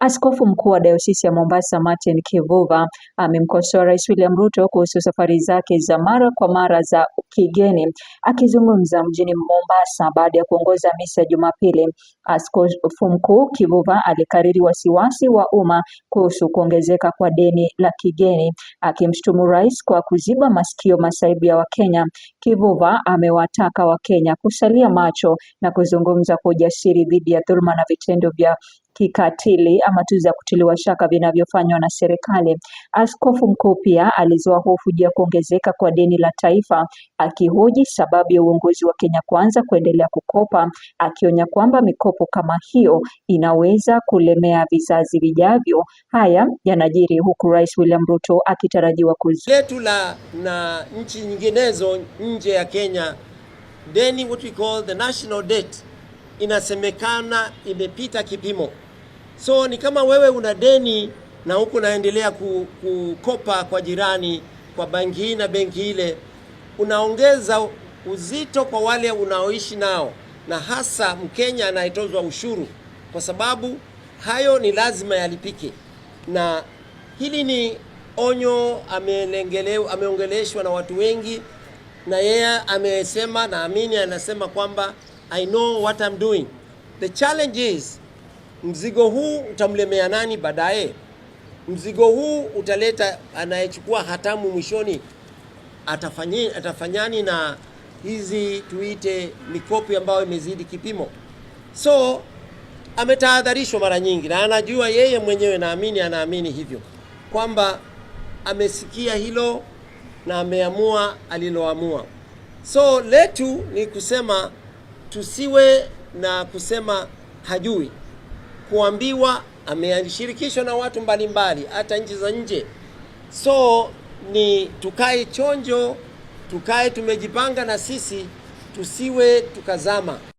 Askofu mkuu wa dayosisi ya Mombasa Martin Kivuva amemkosoa Rais William Ruto kuhusu safari zake za mara kwa mara za kigeni. Akizungumza mjini Mombasa baada ya kuongoza misa Jumapili, Askofu mkuu Kivuva alikariri wasiwasi wa umma kuhusu kuongezeka kwa deni la kigeni, akimshutumu rais kwa kuziba masikio masaibu ya Wakenya. Kivuva amewataka Wakenya kusalia macho na kuzungumza kwa ujasiri dhidi ya dhuluma na vitendo vya kikatili ama tuzo ya kutiliwa shaka vinavyofanywa na serikali. Askofu mkuu pia alizua hofu juu ya kuongezeka kwa deni la taifa, akihoji sababu ya uongozi wa Kenya Kwanza kuendelea kukopa, akionya kwamba mikopo kama hiyo inaweza kulemea vizazi vijavyo. Haya yanajiri huku Rais William Ruto akitarajiwa kuzi letu la na nchi nyinginezo nje ya Kenya, deni what we call the national debt inasemekana imepita kipimo. So ni kama wewe una deni na huku unaendelea kukopa kwa jirani, kwa benki hii na benki ile, unaongeza uzito kwa wale unaoishi nao, na hasa Mkenya anayetozwa ushuru, kwa sababu hayo ni lazima yalipike. Na hili ni onyo ameongeleshwa na watu wengi, na yeye amesema, naamini anasema kwamba I know what I'm doing. The challenge is mzigo huu utamlemea nani baadaye? Mzigo huu utaleta anayechukua hatamu mwishoni atafanyani, atafanyani na hizi tuite mikopo ambayo imezidi kipimo. So ametahadharishwa mara nyingi, na anajua yeye mwenyewe, naamini anaamini hivyo kwamba amesikia hilo na ameamua aliloamua. So letu ni kusema tusiwe na kusema hajui kuambiwa, ameshirikishwa na watu mbalimbali, hata nchi za nje. So ni tukae chonjo, tukae tumejipanga, na sisi tusiwe tukazama.